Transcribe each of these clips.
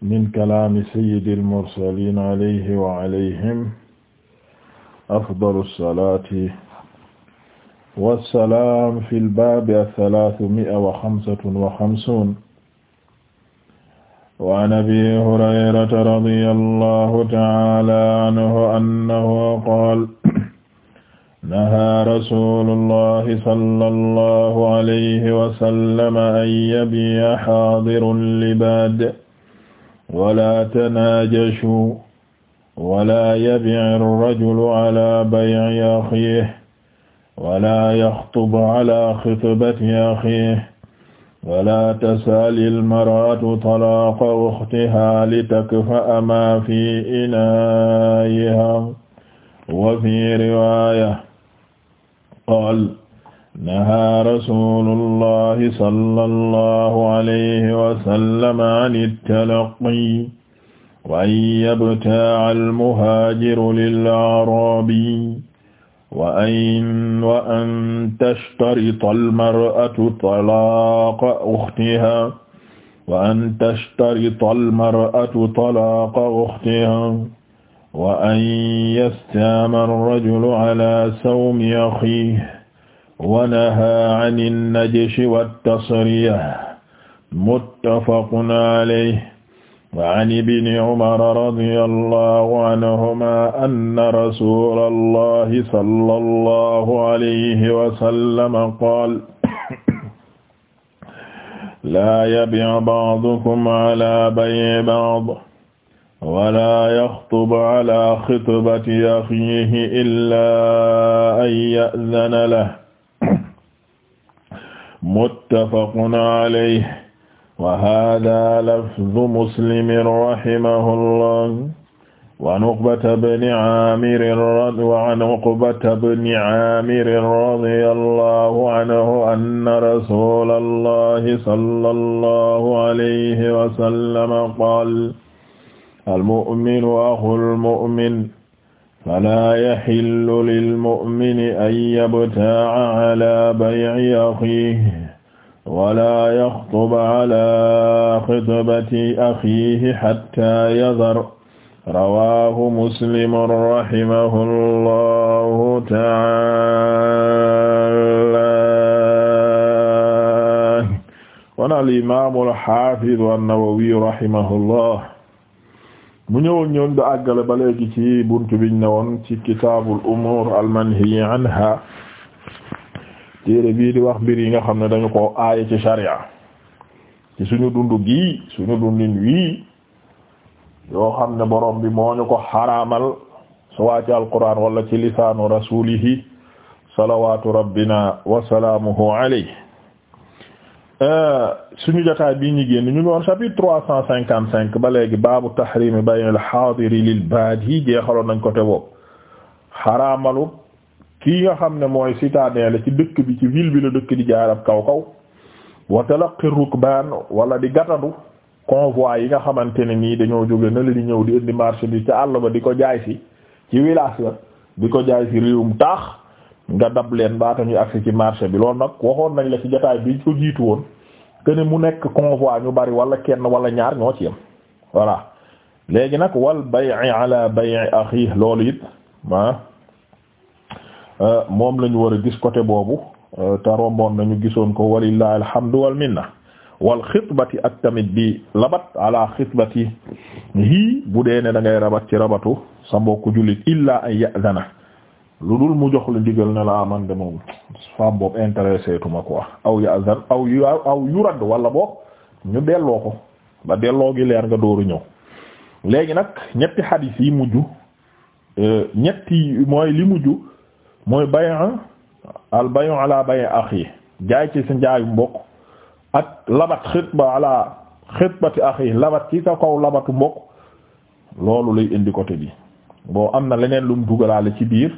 min kalaami sayyidil mursaliin alayhi wa alayhim afdalu salaati wa salaam fil baabi asalaasu mi'a wa xamsatun wa xamsuun. wa an abii hurayrata radiyallaahu ta'aalaa anhu annahu qaala nahaa rasuulullaahi sallallaahu alayhi wa sallam an yabii'a haadirul libaad wala tanaajashu wala yabi'ir rajulu ala bay'i axiihi wala yaxtub ala xitbati axiihi wala tasalil mar'atu talaaqa uxtihaa litakfa'a maa fi inaa'ihaa wa fi riwaaya qaala nahaa rasulullahi sallallahu alayhi wa sallam an at-talaqi wa an yabtaa'a al-muhaajiru lil-a'raabi wa an wa an tashtarita al-mar'atu talaaqa ukhtihaa wa an tashtarita al-mar'atu talaaqa ukhtihaa wa an yastaama ar-rajulu alaa sawmi akhiihi wanaha an ilnajshi wattasriya muttafaqun alayhi wa an ibni umara radiya allahu anhuma anna rasula allahi salla allahu alayhi wasallama qaal laa yabi'u ba'dukum ala bay'i ba'd wala yaxtub ala xitbati axiihi illaa an ya'dana lahu muttafaqun alayhi wa haaza lafzu muslimin rahimahullah wa an uqbata bni aamir wa an uqbata bni aamir radiyallahu anhu anna rasulallahi sallallahu alayhi wa sallam qaala al-mu'minu axul mu'min falaa yaxillu lilmumini an yabtaaca ala bayci axiihi wala yaxtuba ala xitbati axiihi xatta yadar rawaahu muslimun rahimahu llahu taala kon al imaamu alxaafidu annawawiyu rahimahu llah mu ñëwoon ñoon da àggale ba léegi ci buntu biñ ne woon ci kitaabul umuur almanhiyi anha téere bii di wax mbir yi nga xam ne dañu ko aaye ci sharia ci suñu dundu gi suñu dundin wii yoo xam ne borom bi moo ko xaraamal sawaa ci alquran wala ci lisaanu rasulihi salawaatu rabbina wa salaamuhu Euh, suñu jotaay bii ñu génn ñu ngi woon chapitre trois cent cinquante cinq ba léegi baabu tahrimi baynil haadiri lil baadi jeexaloon nañ ko côté boobu xaraamalu kii nga xam ne mooy citadin la ci dëkk bi ci ville bi la dëkk di jaaram ab kaw kaw wa talaqi rukbaan wala di gatadu convoi yi nga xamante ne nii dañoo jóge na la di ñëw di indi marché bi ci àll ba di ko jaay si ci village la di ko jaay si réewum taax nga dab leen baata ñu agsi ci marché bi loolu nag waxoon nañ la ci jotaay bi ko jiitu woon que ne mu nekk convoi ñu bari wala kenn wala ñaar ñoo ci yem voilà léegi nag wal bay'i ala bay'i loolu it ah euh, moom lañu ñu war a gis côté boobu euh, te romboon nañu gisoon ko walillahi alhamdu wal minna wal xitbati ak tamit bi labat ala xitbati hii bu dee ne da ngay rabat ci rabatu sa mbokku jullit illa an ya'dana lu dul mu jox la ndigal ne la ah, man de moom femme boobu intéressé tuma quoi aw ya azan aw yu aw yurad wala boog ñu delloo ko ba delloo gi leer nga dooru ñëw léegi nag ñetti xadis yi mujj euh, ñetti mooy li mujj mooy bay'an al bay'u ala bay'i yi jaay ci sa njaayu mbokk ak labat xitba ala xitbati yi labat ci sa kaw labatu mbokk loolu lay indi côté bi boo am na leneen lu mu dugalaale ci biir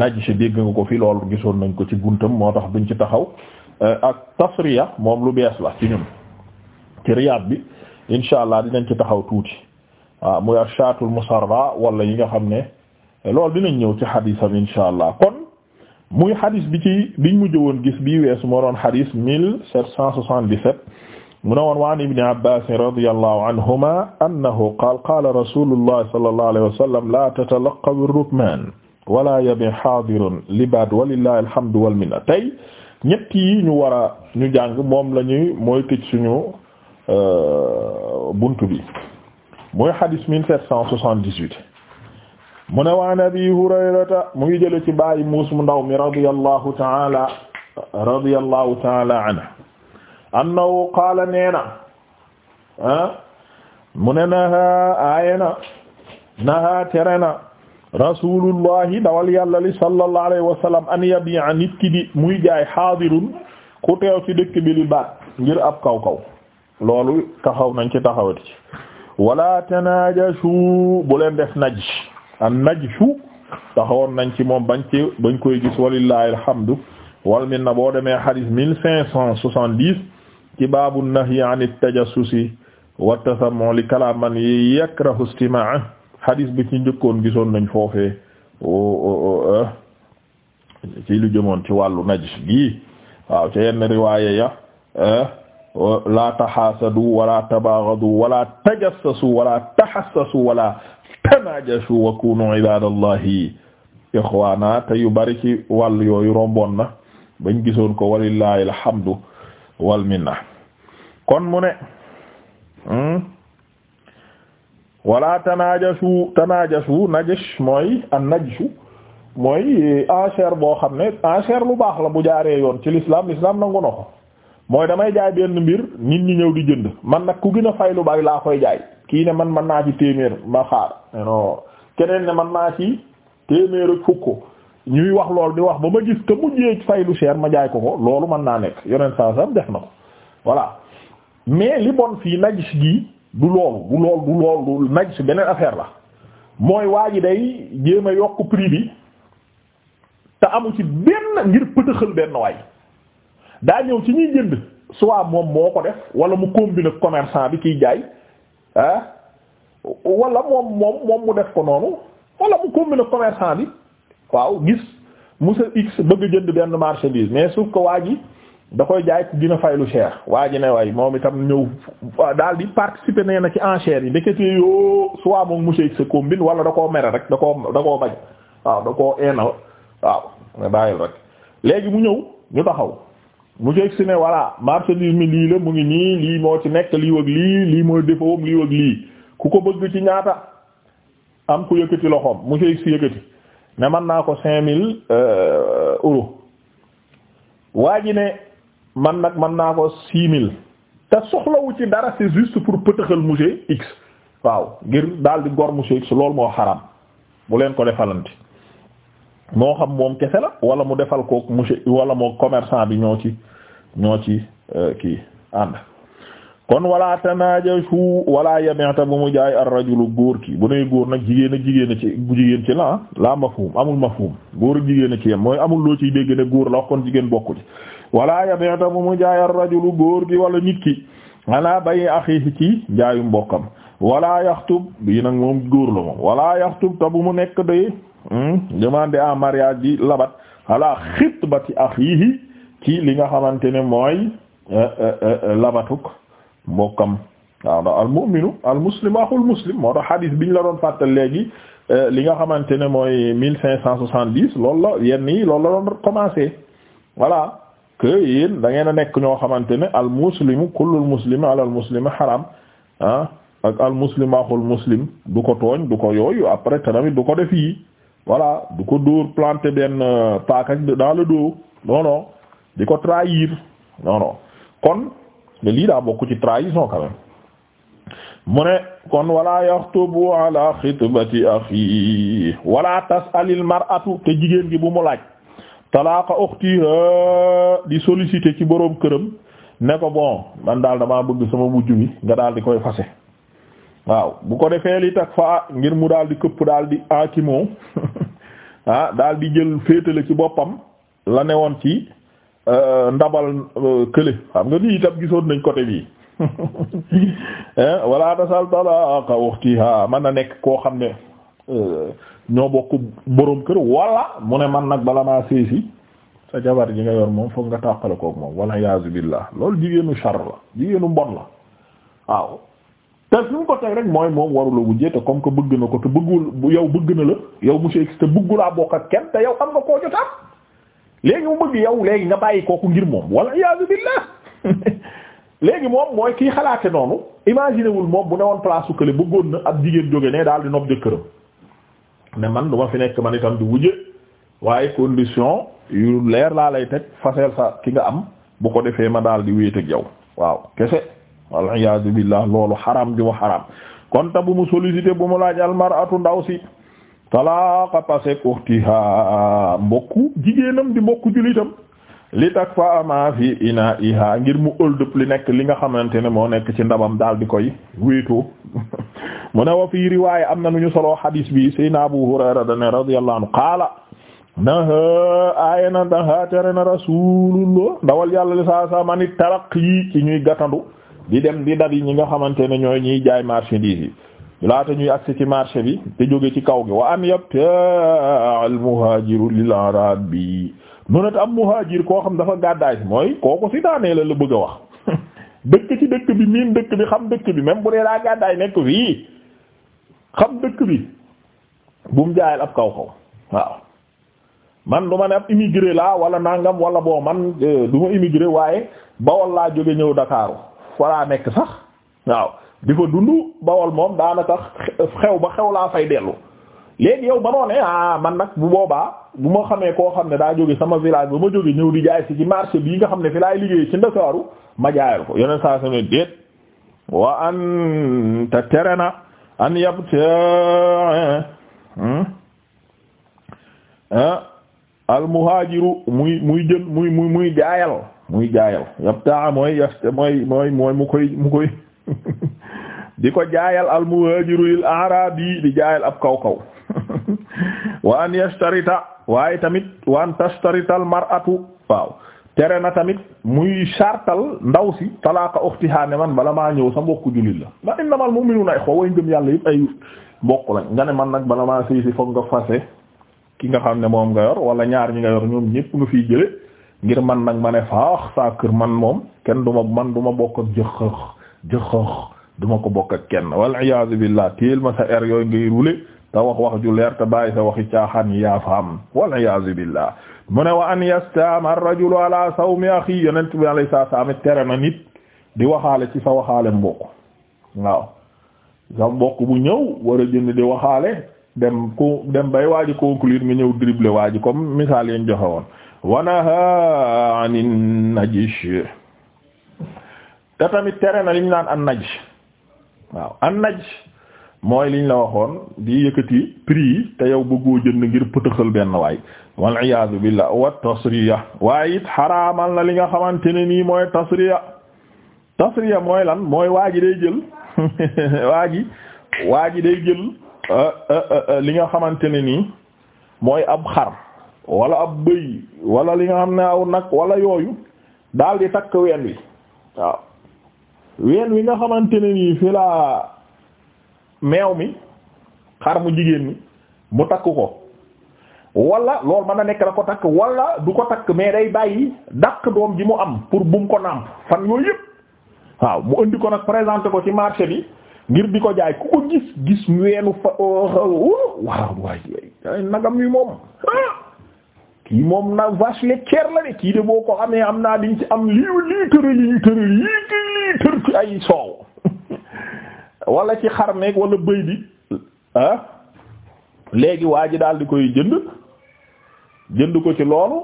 najj si dégg nga ko fi loolu gisoon nañ ko ci buntam moo tax duñ ci taxaw euh, ak tasriya moom lu bees la ci ñun ci riyaad bi insha allah dinañ ci taxaw tuuti waaw muy ashaatul musarra wala ñi nga xam ne loolu dinañ ñëw ci xadisam insha allah kon muy xadis bi ci biñ mujj woon gis bii weesu moo doon xadis mille sept cent soixante-dix-sept mu ne woon wa an ibni abbasin radiyallahu anhuma annahu qaal qaala rasulullahi sallallahu alayhi wa sallam la tatalaqqa bir-rukman wala yabi xaadirun libaad walillahi alhamdu wal minna tey yi ñu war a ñu jàng moom la ñuy mooy tëj suñu euh, buntu bi mooy xadis mille sept cent mu ne abi hurayrata mu ngi jële ci bàyyi muus mu ndaw mi radiyallahu taala radiyallahu taala anhu annahu qaala neena ah, mu ne naha aayana naha terena rasulullahi dawal yàlla li sallallahu alayhi wa sallam an yabi'a nit ki di muy jaay xaadirun ku teew ci dëkk bi li baat ngir ab kaw loolu taxaw nañ ci taxawati ci wala tanajashu bu leen def naj an najshu taxawoon nañ ci moom bañ ci bañ koy gis walillahi alhamdu wal minna boo demee hadith mille cinq cent soixante-dix ci baabu nahyi an tajassusi wa tasammu li kalaam man yakrahu istimaa'a xadis bi ci njëkkoon gisoon nañu foofee oh, oh, oh, eh, ci lu jëmoon ci wàllu najis gi waaw ca yenn ya eh, la taxaasadu wala tabaagadu wala tajassasu wala taxassasu wala tanajasu wa kunu ibadallahi ixwaana te yu bari ci wàll yooyu romboon na bañ gisoon ko walillahi alhamdu wal minna kon mu ne hmm? wala tanaajasu tanaajasu najash mooy an najsu mooy enchère boo xam ne enchère lu baax la bu jaaree yoon ci l'islam l'islam nangu na ko mooy damay jaay benn mbir nit ñi ñëw di jënd man nag ku gën a fay lu bari laa koy jaay kii ne man man naa ci téeméer ma xaar keneen man naa ci téeméer ak fukk ñuy wax lool di wax ba ma gis que mujjee fay lu cher ma jaay ko ko loolu mën naa nekk yeneen saa sam def na ko voilà mais li fii najis gi du loolu bu lool du lool du naj si beneen affaire la mooy waa ji day jéem a yokk prix bi te amu ci benn ngir pëtëxal benn waay daa ñëw ci ñuy jënd soit moom moo ko def wala mu combine commerçant bi kiy jaay ah wala moom moom mu def ko noonu wala mu combine commerçant bi waaw gis mu monsieur X bëgg jënd benn marchandise mais sauf que waa ji da koy jaay ku gën lu cher waa ji ne waay moom itam ñëw daal di participer nee na ci enchères yi ndeketee yoo soit moom monsieur sa combine wala da koo mere rek da koo da koo bañ waaw da koo eenal waaw nga bàyyil rek léegi mu ñëw ñu taxaw monsieur si ne voilà marchandise mi lii la mu ngi nii lii moo ci nekk lii wëg lii lii mooy défaut lii wëg lii ku ko bëgg ci ñaata am ku yëkkati loxoom monsieur si yëkkati ne naa ko cinq mille euh, euros waa ji ne man nag mën naa ko six mille te soxlawu ci dara c'est juste pour pëtëxal monsieur x waaw ngir daal di gor monsieur x loolu moo xaram bu leen ko defalante moo xam moom kese la wala mu defal ko monsieur wala moo commerçant bi ñoo ci ñoo ci euh, kii ànd kon wala tanaajashu wala yabenta bu mu jaay ar rajulu góor ki bu ne góor nag jigéen ak jigéen ci jigéen ci la ah, la mafhum ma mafhum góor jigéen a ci yem mooy amul loo ciy dégg góor la wax kon jigéen bokku wala yabi'ta bu mu jaay ar-rajulu góor gi wala nit ki ala bay akhihi ci jaayu mbokkam wala yaxtub bii nag moom góor la moom wala yaxtub ta bu mu nekk doy hmm, demande en mariage di labat ala xitbati akhihi ci li nga xamante ne mooy eh, eh, eh, labatuk mbokkam waaw ndax al mu'minu al muslim axul muslim moo tax hadis biñ la doon fàttal léegi li nga xamante ne mooy mille cinq cent soixante-dix loolu la yenn yi la doon commencé voilà que yéen da ngeen a nekk ñoo xamante ne al muslimu kullul muslimi alal muslimi haram ah ak al muslim axul muslim du ko tooñ du ko yooyu après tamit du ko def yi voilà du ko dóor planté benn euh, paaka dans le dos non di ko trahir non non kon lii daa bokk ci trahison quand même mu ne kon wala yaxtubu ala xitbati axi wala tasalil mar'atu te jigéen gi bu mu laaj talaaka uxtiha di solliciter ci boroom këram ne ko bon man daal damaa bëgg sama wujju bi nga daal di koy fase waaw bu ko defee li tak fa ngir mu daal di këpp daal di akimoo ah daal di jël féetale ci boppam la ne woon ci euh, ndabal euh, kële xam nga lii itam gisoon nañ côté bii eh, wala tasal talaaka uxtiha man na nekk koo xam ne Euh, ñoo bokk boroom kër wala mu ne man nag bala maa séesi sa jabar ji nga yor moom foog nga tàqale kook moom wala yaazu billah loolu jigéenu char la jigéenu mbon la waaw te suñ ko teg rek mooy moom warula wujjee te comme que bëgg na ko te bëggul yow bëgg na la yow monsieur X te bëggulaa bokk ak kenn te yow am nga koo jotaat léegi mu bëgg yow léegi nga bàyyi kooku ngir moom wala yaazu billah léegi moom mooy kii xalaate noonu imaginer wul moom bu newoon place su kële bëggoon jigéen jóge ne daal di nopp jëkkëram ne man du ma fi nekk man itam di wujje waaye condition yu leer laa lay teg faseel sa ki nga am bu ko defee ma daal di wéeteeg yow waaw kese wal iyaadu billah loolu xaram ju ma xaram kon ta bu mu sollicité bu mu laaj almaratu ndaw si talaaka pase uxtiha mbokku jigéenam di mbokku julitam li tak fa ama fi ina iha ngir mu ëldëp li nekk li nga xamante ne moo nekk ci ndabam daal di koy wéetoo mu ne wa fii riwaaya am na nu ñu solo hadis bi sayna Abu Hurayra dane radiyallahu anhu qaala naha aaya na naha tere na rasulullah ndawal yàlla li saa saa mani taraq yi ci ñuy gatandu di dem di dal yi ñi nga xamante ne ñooy ñuy jaay marchandise yi laata ñuy agsi ci marché bi te jóge ci kaw gi wa an yabta al muhajiru lil arabi noonu am muhajir koo xam dafa gàddaay mooy kooku si daanee la la bëgg a wax dëkk ci dëkk bi miin dëkk bi xam dëkk bi même bu dee gàddaay nekk fii xam dëkk bi bu mu jaayal ab kaw kaw waaw man du ma ne ab immigré laa wala nàngam wala boo man euh, du ma immigré waaye bawol laa jóge ñëw Dakaaru falaa nekk sax waaw di fa dund bawol moom daanaka xew ba xew laa fay dellu léegi yow ba noo ne ah man nag bu boobaa bu ma xamee koo xam ne daa jóge sama village ba ma jóge ñëw di jaay si ci marché bii nga xam ne fi laay liggéey ci Ndakaaru ma jaayal ko yeneen saa sa déet wa an te tere na an yabtaa al muhaajiru muy muy jël muy muy muy jaayal muy jaayal yabtaa mooy mooy mooy mu koy mu koy di ko jaayal al muhaajiru lil arabi di jaayal ab kaw kaw wa an yashtarita waaye tamit wa an tashtarita al waaw tere na tamit muy sartal ndaw si talaaka uxtihaa ne man bala maa ñëw sa mbokku jullit la ndax innamal mu'minuuna ixwa way ngëm yàlla yëpp mbokk lañ nga ne man nag bala maa sëy si foog nga fase ki nga xam ne moom nga yor wala ñaar ñi nga yor ñoom ñëpp nga fiy jële ngir man nag ma ne faax saa kër man moom kenn duma man duma bokk ak jëxëx jëxëx duma ko bokk ak kenn wal iyaazu billaah téel ma sa er yooyu ngay rule te wax wax ju leer te bàyyi sa waxi caaxaan yi yaa fa am mu ne wa an yastaam ar-rajulu ala sawmi axi yonent bi alayhi salaam tere na nit di waxaale ci sa waxaale mbokk waaw sa mbokk bu ñëw war a jënd di waxaale dem ku dem bay waaji conclure nga ñëw dribble waaji comme misaal yeen joxe woon wanaha anin najish te tamit tere na li ñu an naj waaw an naj mooy liñ la waxoon di yëkkati prix yi te yow bëggoo jënd ngir pëtëxal benn waay wal iyaadu billah wa tasriya waaye it xaraamal na li nga xamante ne nii mooy tasriya tasriya mooy lan mooy waa ji day jël waa ji waa ji day jël euh, euh, euh, li nga xamante ne nii mooy ab xar wala ab bëy wala li nga xam ne aw nag wala yooyu daal di takk ween wi ween wi nga xamante nii fi meew mi xar mu jigéen mi mu takk ko walla loolu mën na nekk la ko takk wala du ko takk mais day bàyyi dàq doom ji mu am pour bu mu ko nàmp fan yooyu yëpp waaw mu indi ko nag présenté ko ci marché bi ngir di ko jaay ku ko gis gis weenu fa euh, euh, waaw waay waay nagam wi moom ah! kii moom na vache laitière la de kii de boo ko amee am naa diñ ci am lii lii tëral yi tëral yi lii tër ci ay soow wala ci xar meeg wala bëy bi ah, léegi waa ji daal di koy jënd jënd ko ci loolu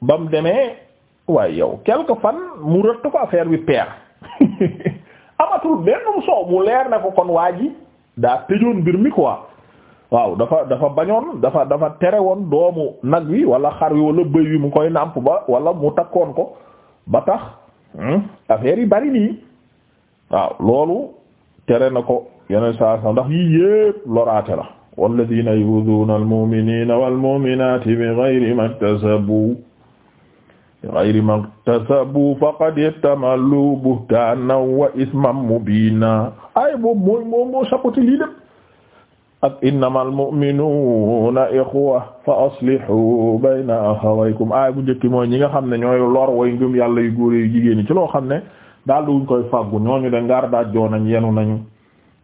ba mu demee waaye yow quelque fan mu rëtt ko affaire bi peer amatul benn soow mu leer na ko kon waa ji daa tëjoon mbir mi quoi waaw dafa dafa bañoon dafa dafa tere woon doomu nag wi wala xar wi wala bëy wi mu koy nàmp ba wala mu takkoon ko ba tax hmm, affaire yi bari nii waaw loolu tere na ko yeneen saa sax ndax yii yépp loraate la walladina yu'dhuna almu'minina walmu'minati bighayri maktasabu bighayri maktasabu faqad ihtamalu buhtana wa isman mubina ay boobu mooy moom moo sapoti lii lépp ak innamal mu'minuna ikhwa fa aslihu bayna akhawaykum ay bu njëkki mooy ñi nga xam ne ñooy lor way ngëm yàlla yu góor yu jigéen ñi ci loo xam ne daal wuñ koy faggu ñooñu de ngaar daajoo nañ yenu nañu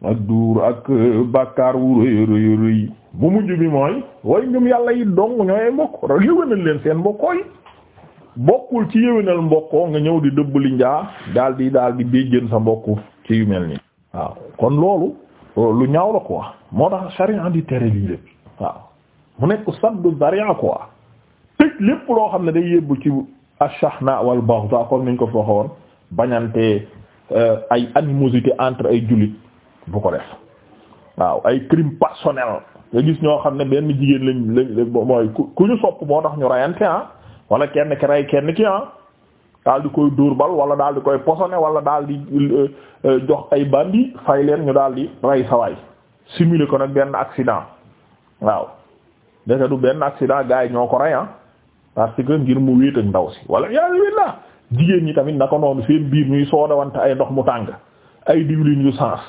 ak duur ak euh, bàkkaar wu rëy rëy rëy bu mujj bi mooy way ngëm yàlla yi dong ñooy mbokk yëwénal leen seen mbokkoo bokkul ci yëwénal mbokkoo nga ñëw di dëbbali njaa daal di daal sa mbokku ci yu mel nii waaw kon loolu euh, lu ñaaw la wax moo tax charia di tere lii lépp waaw mu nekk saddu zaria quoi tëj lépp loo xam ne day yëbbu ci ashahna wal baghda comme niñ ko fa waxoon bañante euh, ay animosité entre ay jullit bu ko def waaw ay crime personnel nga gis ñoo xam ne benn jigéen lañ lañ mooy ku ñu sopp moo tax ñu rayante a ah. wala kenn ki rey kenn ki ah daal di koy dóor bal wala daal di koy posone wala daal di euh, euh, jox ay bandi fay leen ñu daal di rey sawaay simuler ko nag benn accident waaw ndeke du benn accident gars yi ñoo ko rey ah parce que ngir mu wéet ndaw si wala yàlla wéet la jigéen ñi tamit naka noonu seen biir ñuy soodawante ay ndox mu tàng ay diwlin yu sens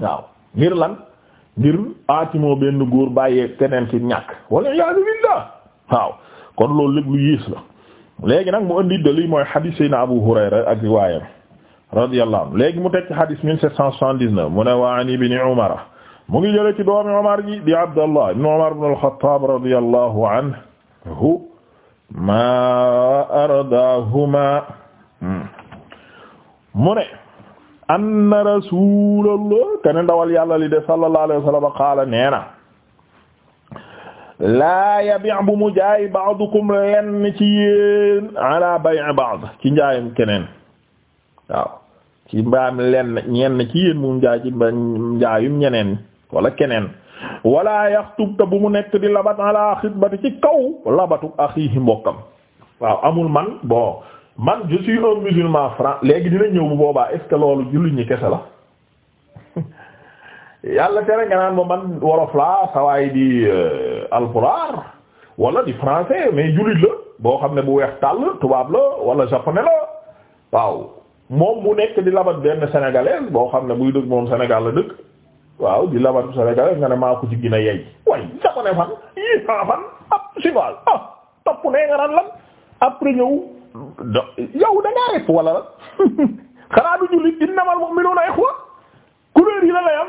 waaw ngir lan ngir aatimoo benn góor bàyyee keneen ci ñàkk wala yaa billah waaw kon loolu lépp lu yées la léegi nag mu indi dali mooy hadith sayna Abu Hurayra ak riwaayam radiyallahu anhu léegi mu teg ci hadith 1779 mu ne wa an ibn Umar mu ngi jële ci doomi Umar ji di Abdallah ibn Umar ibn al-Khattab anhu ma ardahuma mu ne anna rasulallah kene ndawal yàlla li de sallallahu alayhi wa sallam qaala neena mu jaay ba'dukum lenn ci yéen ala bay'i ci njaayam keneen waaw ci mbaam lenn ñenn ci ñeneen wala keneen wala yaxtub te bu mu nekk di labat ala xitbati ci kaw labatu axiihi mbokkam waaw amul man bon man je suis musulman franc léegi dina ñëw bu boobaa est ce que loolu jullit ñi kese la yàlla te nga naan ma man wolof laa sawaay di euh, alpulaar wala di français mais jullit la boo xam ne bu weex tàll tubaab la wala japonais la waaw moom mu nekk di labat benn sénégalais boo xam ne buy dëkk moom Sénégal la dëkk waaw di labatu Sénégal nga ne maa ko ci gën a yey nee ah, nga naan lan après ñëw yow da lan xanaa du jullit innamal mu'minuna ikhwa kuréel yi la lay am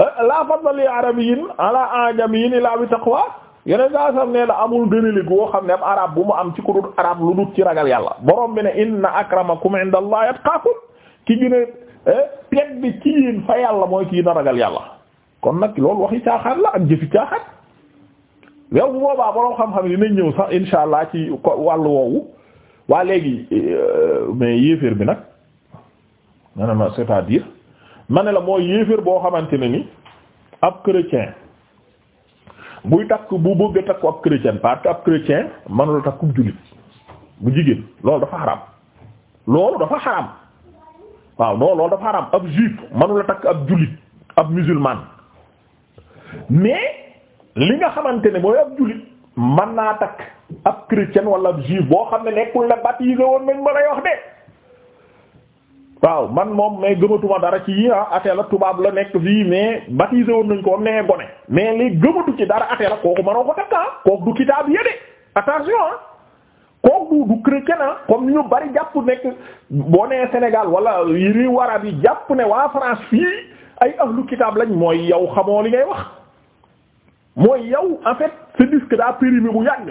eh, la fadla li arabiyyin ala ajamiyyin illa bi taqwa yeneen saa sam la amul gënali goo xam ne arab bu mu am ci arab lu dul ci ragal yàlla borom bi ne inna akramakum inda allahi ki gën Eh? tedd ci yéen fa yàlla mooy kii na ragal yàlla kon nag loolu waxi caaxaan la ak jëfi caaxaan yow bu boobaa borom xam-xam dinañ ñëw sax insha allah ci wàll woowu waa léegi euh, mais yéeféer bi nag ma ne ma cest ma ne la mooy yéeféer boo xamante ne ni ab chrétien buy takk bu bëgg a takku ab chrétien parce que ab chrétien mënula takkub jullit bu jigéen loolu dafa xaram loolu dafa xaram waaw non loolu dafa haram ab juif manula takk ab jullit ab musulman mais li nga xamante ne mooy ab jullit man naa takk ab chrétien wala ab juif boo xam ne nekkul na baptisé woon nañ ma lay wax de waaw man moom mais gëmatuma dara ci yii a ah atee la tubaab la nekk fii mais baptisé woon nañ ko am nee gone mais li gëmatu ci dara atee la kooku manoo ko takk ah kooku du kitaab yéde attention ah kooku du chrétien na ñu bari jàpp nekk boo nee Sénégal wala yi réew arab yi jàpp ne waa France fii ay ahlu kitaab lañ mooy yow xamoo li ngay wax mooy yow en fait ce disque daa périmé bu yàgg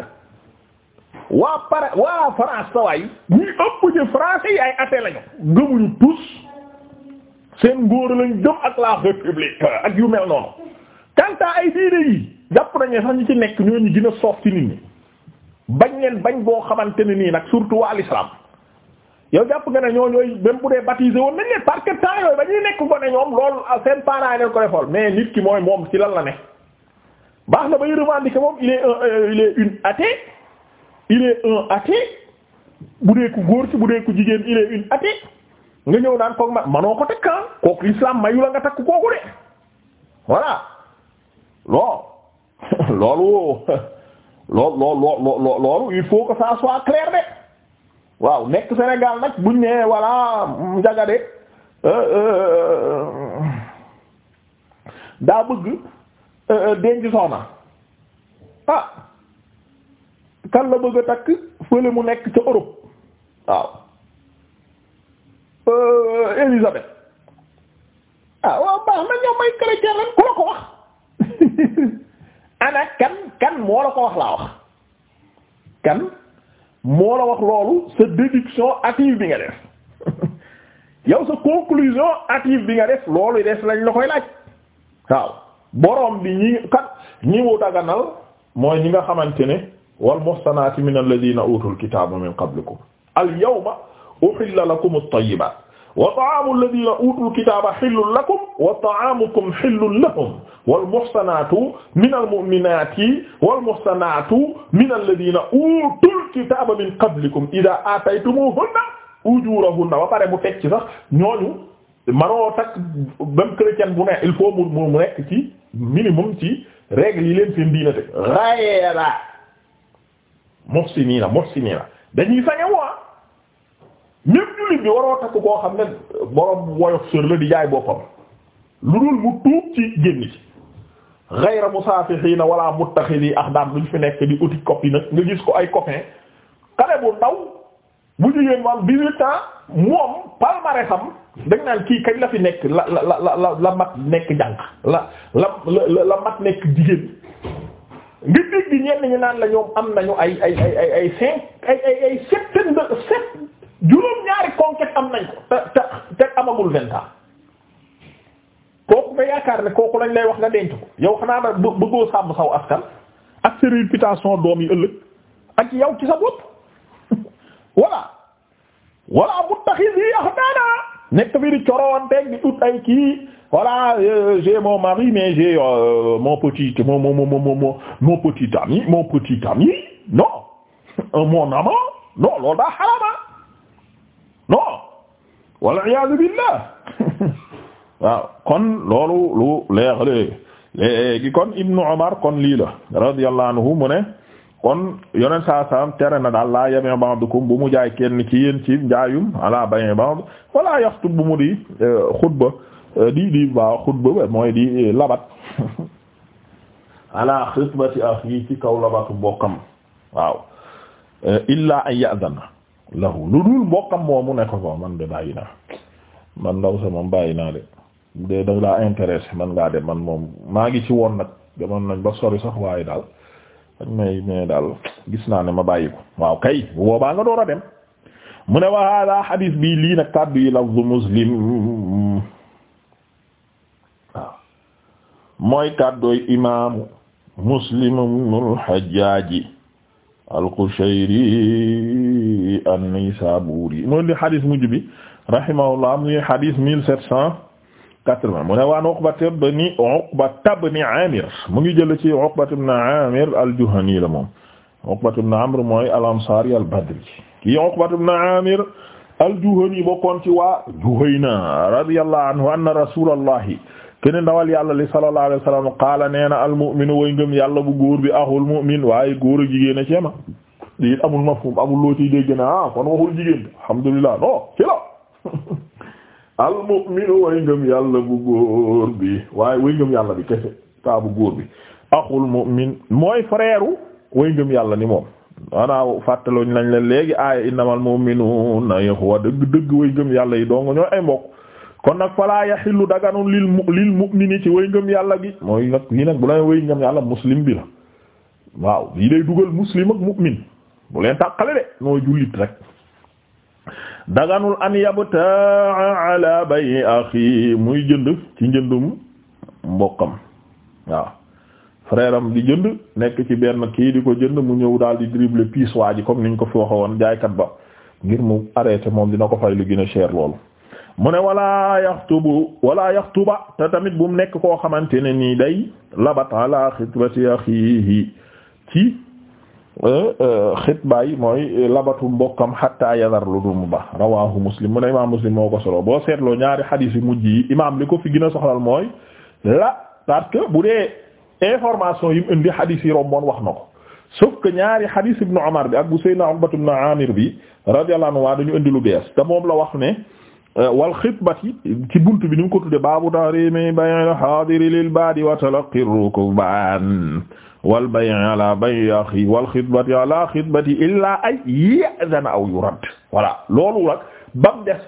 waa para waa France sa waay ñuy ëpp ñu français yi ay athées lañu gëmuñu tous seen góor lañ jëm ak la république ak yu mel noonu quant ay diine yi jàpp nañu sax ñu ci nekk ñooñu gën a soof nit ñi bañ leen bañ boo xamante ne nii nag surtout waa l'islam yow jàpp nga ne ñoo ñooy même bu dee baptisé woon nañ leen parce que temps yooyu ba ñuy nekk ko ñoom loolu ah, seen parents yi ko defoon mais nit ki mooy moom ci lan la ne baax na bay revendiquer moom il est un euh, il est une athée un athée bu dee ku góor bu dee ku jigéen il est une nga ñëw naan kooku ma manoo ko takk ah kooku l'islam mayu la nga takk kooku de voilà bon loolu. lool loolu il faut que ça soit clair de waaw nekk Sénégal nag buñ nee voilà njaga euh, euh, daa bëgg euh, denc soxna ah kan la bëgg takk fële mu nekk ca Europe waaw Elisabeth ah waaw baax na ñoom may chrétien lañ ku la ko wax ana kan kan moo la ko wax laa wax kan moo la wax loolu sa déduction hâtive bi nga def yow sa conclusion hâtive bi nga def loolu des lañ la koy laaj waaw boroom bi ñi kat ñi wu daganal mooy ñi nga xamante ni wal muhsanaati min alladhina utul kitaaba min qablikum al yawma uhilla lakum at wa ta'aamu alladhiina uutul kitaaba hillun lakum wa ta'aamukum hillun lahum wal muhsanaatu minal mu'minaati wal muhsanaatu minal ladhiina uutul kitaaba min qablikum idhaa aataytumuuhunna ujuurahunna ba pare mu teg ci sax ñooñu manoo takk même chrétien bu ne il faut mu mu nekk ci minimum ci règle yi leen seen diina te ghayra muhsiniina muhsiniina dañuy sañe waa ah. même jullit bi waroo takk koo xam ne borom woyof sër la di jaay boppam lu dul mu tuub ci génn ci ghayra musaafihiina wala muttakhidhi akhdaam duñ fi nekk di uti copie nag nga gis ko ay copain xale bu ndaw bu jigéen mu am 18 ans moom palmarèsam dañ naan kii kañ la fi nekk la la la la la mat nekk jànq la la la la mat nekk jigéen ngi dégg ñenn ñu naan la ñoom am nañu ay ay ay ay cinq ay ay ay sept juróom ñaari conquête am nañ ko te te te amagul vingt ans kooku nga yaakaar ne kooku lañ lay wax nga denc ko yow xanaa nag bëggoo sàmm saw askan ak sa réputation doom yi ëllëg ak yow ci sa bopp voilà voilà bu taxis yi ax daana nekk fi di corowanteeg di ut ay kii voilà euh, j'ai mon mari mais j'ai euh, mon petit mon mon mon mon petit ami mon petit ami non mon non loolu daa xarama ah. non walla iyaadu billaah kon loolu lu leexle léegi kon ibnu Umar kon lii la radiyallahu anhu mu ne kon yoneen saa saam tere na daal laa yame ba'dukum bu mu jaay kenn ci yéen ci jaayum ala baye ba'd wala yaxtub bu mu di euh, xutba euh, di di ba xutba mooy di euh, labat ala xitbati akhi ci kaw labatu mbokkam waaw illa an ya'zana lahu lu dul mbokkam moomu ne ko man de bàyyi naa man ndaw sa moom bàyyi naa de bu dee danga laa intéressé man ngaa dem man moom maa ngi ci woon nag demoon nañ ba sori sax waaye daal ak may mais daal gis naa ne ma bàyyi ko waaw kay bu boobaa nga door a dem mu ne wa hada hadith bi lii nag kàddu yi lafzu muslim waaw mooy kàddooy imaamu muslim ibnul hajjaaji al-Qushayri an-Naysaburi mu di xadis mujj bi rahimahullah am ñuy xadis mille sept cent quatre-vingt mu ne waan Uqbata bni Uqbata bni Amir mu ngi jël ci Uqbata bni Amir al-Juhani la moom Uqbata bni Amr mooy al-Ansari al-Badri kii Uqbata bni Amir al-Juhani bokkoon ci waa Juhayna radiyallahu anhu anna rasulallahi kene ndawal yàlla li sallallahu alayhi wa qaala nee na almuminu way ngëm yàlla bu góor bi axul mumin waaye góor a jigéen a ci yema lii amul mafhum amul loo ciy dégg na ah kon waxul jigéen bi alhamdulillah non ci la almuminu way ngëm yàlla bu góor bi waaye way ngëm yàlla bi kese ta bu góor bi axul mumin mooy frère way ngëm yàlla ni moom wanaa fàttaloñ lañ leen léegi aaya innamal mu'minuna ixwa dëgg dëgg way ngëm yàlla yi dong ñoo ay mbokk kon nag falaa yaxillu daganul lil mu lil mu'mini ci way yàlla gi mooy nag lii nag bu la way ngëm yàlla muslim bi la waaw lii day dugal muslim ak mu'min bu leen tàqale de nooy jullit rek daganul an yabtaa ala bay muy jënd ci njëndum mbokkam waaw frère di jënd nekk ci benn kii di ko jënd mu ñëw daal di dribble piis waa ji comme niñ ko fi waxe woon jaaykat ba ngir mu arrêté moom dina ko fay lu gën a cher loolu mu ne wala yaxtubu wala yaxtuba te tamit bu mu nekk koo xamante ne nii day labat ala xitbati axiihi ci euh, euh, xitbaay mooy labatu mbokkam hatta yadar lu dul mu ba rawahu muslim mu ne imaam muslim moo ko solo boo seetloo ñaari xadiis yu mujj yi imaam li ko fi gën a soxlal mooy la parce que bu dee information yi mu indi xadiis yi romboon wax na ko sauf que ñaari xadiis ibnu Umar bi ak bu Seydina Uqbatu ibnu Aamir bi radiyallahu anhu dañu indi lu bees te moom la wax ne Euh, wal xitbati ci buntu bi ni mu ko tudde baabu tahrimi bay'il haadiri lil baadi wa talaqqi rukbaan wal bay'i ala bay'i axi wal xitbati ala xitbati illaa ay ya'zana aw yurad voilà loolu nag bam des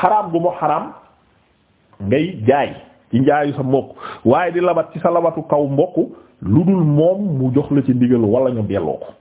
xaraam gu mu xaraam ngay jaay ci njaayu sa mbokk waaye di labat ci sa labatu kaw mbokk lu dul moom mu jox la ci ndigal wala ñu delloo ko